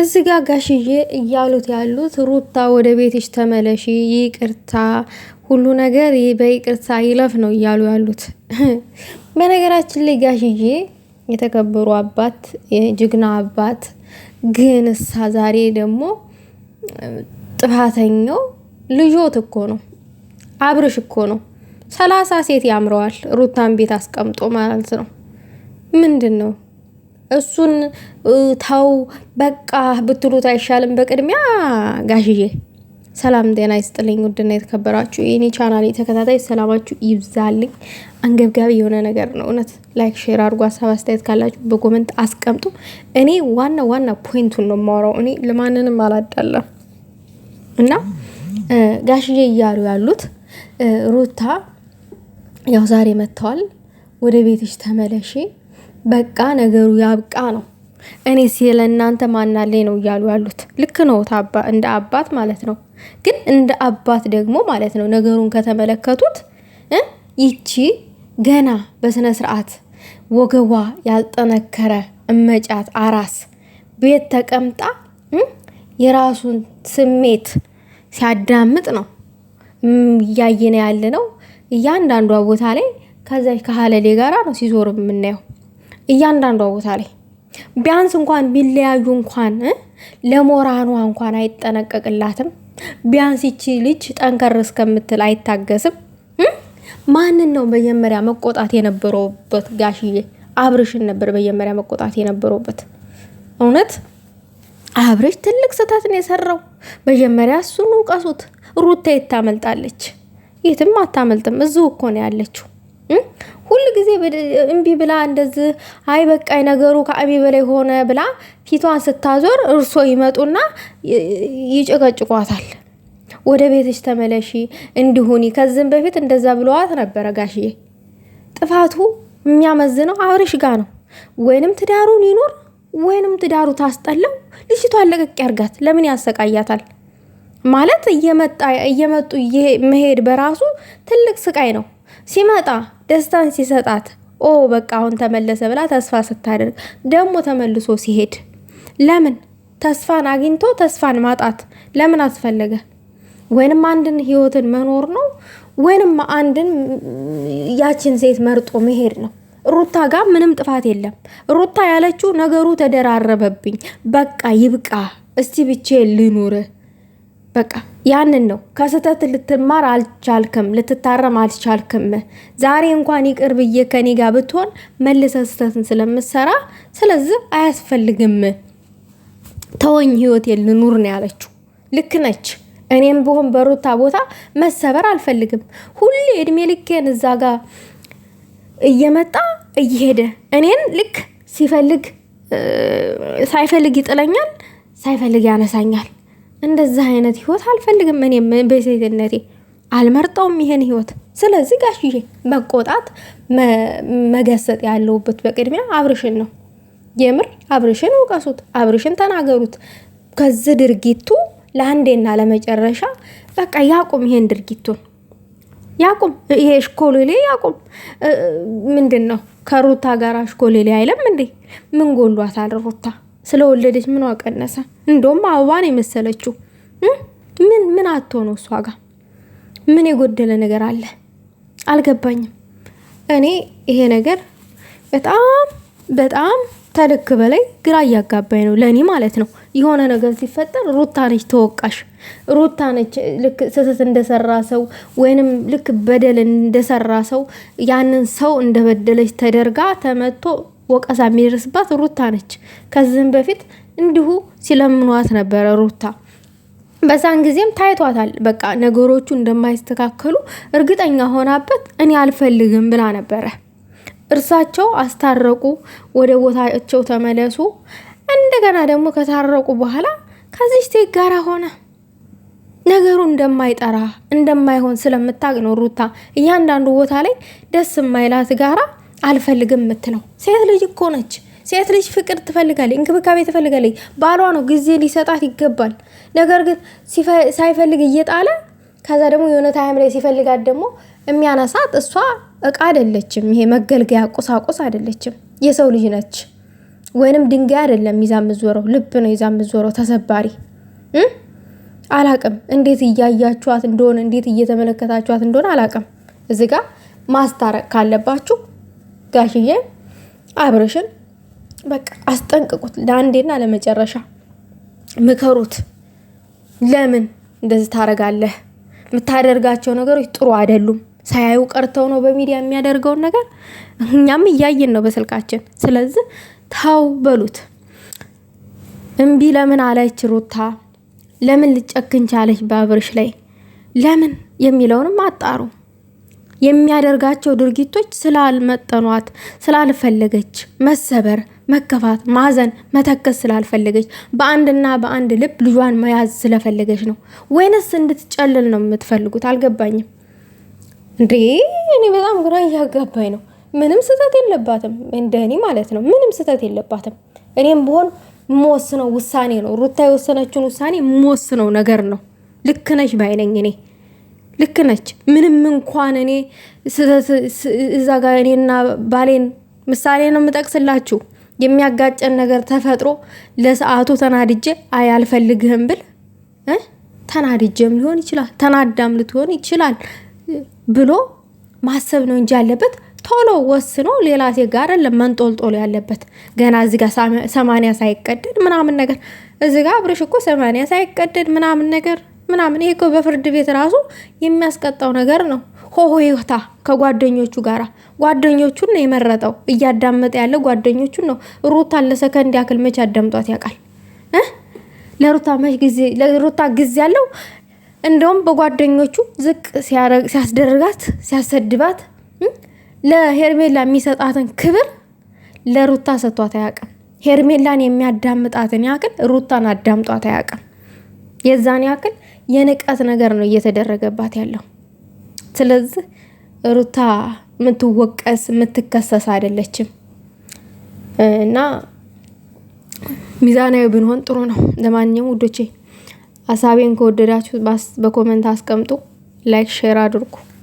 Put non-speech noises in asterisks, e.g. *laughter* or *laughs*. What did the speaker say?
እዚህ ጋ ጋሽዬ እያሉት ያሉት ሩታ ወደ ቤትሽ ተመለሺ፣ ይቅርታ፣ ሁሉ ነገር በይቅርታ ይለፍ ነው እያሉ ያሉት። *laughs* በነገራችን ላይ ጋሽዬ የተከበሩ አባት፣ የጅግና አባት ግን እሳ ዛሬ ደግሞ ጥፋተኛው ልጆት እኮ ነው አብርሽ እኮ ነው። ሰላሳ ሴት ያምረዋል ሩታን ቤት አስቀምጦ ማለት ነው ምንድን ነው እሱን ተው በቃ ብትሉት አይሻልም? በቅድሚያ ጋሽዬ ሰላም ጤና ይስጥልኝ። ውድና የተከበራችሁ የኔ ቻናል ተከታታይ ሰላማችሁ ይብዛልኝ። አንገብጋቢ የሆነ ነገር ነው እውነት። ላይክ ሼር አድርጎ ሀሳብ አስተያየት ካላችሁ በኮመንት አስቀምጡ። እኔ ዋና ዋና ፖይንቱን ነው የማወራው። እኔ ለማንንም አላዳለም እና ጋሽዬ እያሉ ያሉት ሩታ ያው ዛሬ መጥተዋል። ወደ ቤትሽ ተመለሼ በቃ ነገሩ ያብቃ ነው። እኔ ስለ እናንተ ማናለኝ ነው እያሉ ያሉት። ልክ ነው እንደ አባት ማለት ነው። ግን እንደ አባት ደግሞ ማለት ነው ነገሩን ከተመለከቱት ይቺ ገና በስነ ስርዓት ወገቧ ያልጠነከረ እመጫት አራስ ቤት ተቀምጣ የራሱን ስሜት ሲያዳምጥ ነው እያየነ ያለ ነው። እያንዳንዷ ቦታ ላይ ከዛች ከሀለሌ ጋራ ነው ሲዞር የምናየው። እያንዳንዷ ቦታ ላይ ቢያንስ እንኳን ቢለያዩ እንኳን ለሞራኗ እንኳን አይጠነቀቅላትም። ቢያንስ ይቺ ልጅ ጠንከር እስከምትል አይታገስም። ማንን ነው መጀመሪያ መቆጣት የነበረበት? ጋሽዬ አብርሽን ነበር መጀመሪያ መቆጣት የነበረበት። እውነት አብርሽ ትልቅ ስህተት ነው የሰራው። መጀመሪያ እሱን ውቀሱት። ሩታ የት ታመልጣለች? የትም አታመልጥም። እዚሁ እኮ ነው ያለችው። ሁል ጊዜ እምቢ ብላ እንደዚህ አይ በቃይ ነገሩ ከአቢ በላይ ሆነ ብላ ፊቷን ስታዞር እርሶ ይመጡና ይጨቀጭቋታል። ወደ ቤትሽ ተመለሺ እንዲሁኒ። ከዚህም በፊት እንደዛ ብለዋት ነበረ ጋሽዬ። ጥፋቱ የሚያመዝነው አብርሽ ጋ ነው። ወይንም ትዳሩን ይኑር ወይንም ትዳሩ ታስጠላው። ልጅቷ ለቀቅ ያርጋት። ለምን ያሰቃያታል? ማለት እየመጡ መሄድ በራሱ ትልቅ ስቃይ ነው ሲመጣ ደስታን ሲሰጣት ኦ በቃ አሁን ተመለሰ ብላ ተስፋ ስታደርግ ደግሞ ተመልሶ ሲሄድ ለምን ተስፋን አግኝቶ ተስፋን ማጣት ለምን አስፈለገ? ወይንም አንድን ህይወትን መኖር ነው ወይንም አንድን ያችን ሴት መርጦ መሄድ ነው። ሩታ ጋር ምንም ጥፋት የለም። ሩታ ያለችው ነገሩ ተደራረበብኝ፣ በቃ ይብቃ፣ እስቲ ብቼ ልኑር በቃ ያንን ነው ከስህተት ልትማር አልቻልክም፣ ልትታረም አልቻልክም። ዛሬ እንኳን ይቅር ብዬ ከኔ ጋር ብትሆን መልሰ ስህተትን ስለምሰራ ስለዚህ አያስፈልግም፣ ተወኝ፣ ህይወት ልኑር ነው ያለችው። ልክ ነች። እኔም ብሆን በሩታ ቦታ መሰበር አልፈልግም። ሁሌ እድሜ ልኬን እዛ ጋር እየመጣ እየሄደ እኔን ልክ ሲፈልግ ሳይፈልግ ይጥለኛል፣ ሳይፈልግ ያነሳኛል። እንደዚህ አይነት ህይወት አልፈልግም። እኔ በሴትነቴ አልመርጠውም ይሄን ህይወት። ስለዚህ ጋሽዬ መቆጣት መገሰጥ ያለውበት በቅድሚያ አብርሽን ነው። የምር አብርሽን እውቀሱት፣ አብርሽን ተናገሩት። ከዚህ ድርጊቱ ለአንዴና ለመጨረሻ በቃ ያቁም፣ ይሄን ድርጊቱን ያቁም፣ ይሄ እሽኮሌሌ ያቁም። ምንድን ነው ከሩታ ጋር እሽኮሌሌ አይለም እንዴ? ምን ጎሏታል ሩታ? ስለወለደች ምን ቀነሰ? እንደውም አበባን የመሰለችው ምን ምን አቶ ነው እሷ ጋር ምን የጎደለ ነገር አለ? አልገባኝም። እኔ ይሄ ነገር በጣም በጣም ከልክ በላይ ግራ እያጋባኝ ነው፣ ለእኔ ማለት ነው። የሆነ ነገር ሲፈጠር ሩታ ነች ተወቃሽ፣ ሩታ ነች ልክ ስህተት እንደሰራ ሰው ወይንም ልክ በደል እንደሰራ ሰው ያንን ሰው እንደበደለች ተደርጋ ተመቶ ወቀሳ የሚደርስባት ሩታ ነች። ከዚህም በፊት እንዲሁ ሲለምኗት ነበረ ሩታ በዛን ጊዜም ታይቷታል። በቃ ነገሮቹ እንደማይስተካከሉ እርግጠኛ ሆናበት እኔ አልፈልግም ብላ ነበረ። እርሳቸው አስታረቁ፣ ወደ ቦታቸው ተመለሱ። እንደገና ደግሞ ከታረቁ በኋላ ከዚች ሴት ጋር ሆነ። ነገሩ እንደማይጠራ እንደማይሆን ስለምታቅ ነው ሩታ እያንዳንዱ ቦታ ላይ ደስ የማይላት ጋራ አልፈልግም የምትለው ሴት ልጅ እኮ ነች። ሴት ልጅ ፍቅር ትፈልጋለች፣ እንክብካቤ ትፈልጋለች። ባሏ ነው ጊዜ ሊሰጣት ይገባል። ነገር ግን ሳይፈልግ እየጣለ ከዛ ደግሞ የሆነ ታይም ላይ ሲፈልጋት ደግሞ የሚያነሳት እሷ እቃ አይደለችም። ይሄ መገልገያ ቁሳቁስ አይደለችም። የሰው ልጅ ነች። ወይንም ድንጋይ አይደለም ይዛ የምትዞረው፣ ልብ ነው ይዛ የምትዞረው ተሰባሪ አላቅም እንዴት እያያችኋት እንደሆነ እንዴት እየተመለከታችኋት እንደሆነ አላቅም። እዚ ጋ ማስታረቅ ካለባችሁ ጋሽዬ አብርሽን በቃ አስጠንቅቁት፣ ለአንዴና ለመጨረሻ ምከሩት። ለምን እንደዚህ ታደርጋለህ? የምታደርጋቸው ነገሮች ጥሩ አይደሉም። ሳያዩ ቀርተው ነው በሚዲያ የሚያደርገውን ነገር እኛም እያየን ነው በስልካችን። ስለዚህ ታው በሉት። እምቢ ለምን አለች ሩታ? ለምን ልጨክን ቻለች በአብርሽ ላይ ለምን የሚለውንም አጣሩ። የሚያደርጋቸው ድርጊቶች ስላልመጠኗት፣ ስላልፈለገች መሰበር፣ መከፋት፣ ማዘን፣ መተከስ ስላልፈለገች በአንድና በአንድ ልብ ልጇን መያዝ ስለፈለገች ነው ወይንስ እንድትጨልል ነው የምትፈልጉት? አልገባኝም እንዴ! እኔ በጣም ግራ እያጋባኝ ነው። ምንም ስህተት የለባትም፣ እንደ እኔ ማለት ነው። ምንም ስህተት የለባትም። እኔም ብሆን የምወስነው ውሳኔ ነው። ሩታ የወሰነችውን ውሳኔ የምወስነው ነገር ነው። ልክ ነሽ ባይነኝ እኔ ልክ ነች። ምንም እንኳን እኔ እዛ ጋር እኔና ባሌን ምሳሌ ነው የምጠቅስላችሁ የሚያጋጨን ነገር ተፈጥሮ ለሰዓቱ ተናድጄ አይ አልፈልግህም ብል ተናድጄም ሊሆን ይችላል ተናዳም ልትሆን ይችላል ብሎ ማሰብ ነው እንጂ ያለበት ቶሎ ወስኖ ሌላ ሴት ጋር አይደለም መንጦልጦሎ ያለበት። ገና እዚ ጋር ሰማንያ ሳይቀደድ ምናምን ነገር እዚ ጋር አብርሽ እኮ ሰማንያ ሳይቀደድ ምናምን ነገር ምናምን። ይሄ እኮ በፍርድ ቤት ራሱ የሚያስቀጣው ነገር ነው። ሆሆታ ከጓደኞቹ ጋር ጓደኞቹን ነው የመረጠው። እያዳመጠ ያለ ጓደኞቹን ነው። ሩታን ለሰከንድ ያክል መቼ አዳምጧት ያውቃል? ለሩታ መች ጊዜ ለሩታ ጊዜ ያለው እንደውም በጓደኞቹ ዝቅ ሲያስደርጋት ሲያሰድባት ለሄርሜላ የሚሰጣትን ክብር ለሩታ ሰጥቷት አያውቅም። ሄርሜላን የሚያዳምጣትን ያክል ሩታን አዳምጧት አያውቅም። የዛን ያክል የንቀት ነገር ነው እየተደረገባት ያለው። ስለዚህ ሩታ የምትወቀስ የምትከሰስ አይደለችም እና ሚዛናዊ ብንሆን ጥሩ ነው። ለማንኛውም ውዶቼ ሀሳቤን ከወደዳችሁ በኮመንት አስቀምጡ፣ ላይክ ሼር አድርጉ።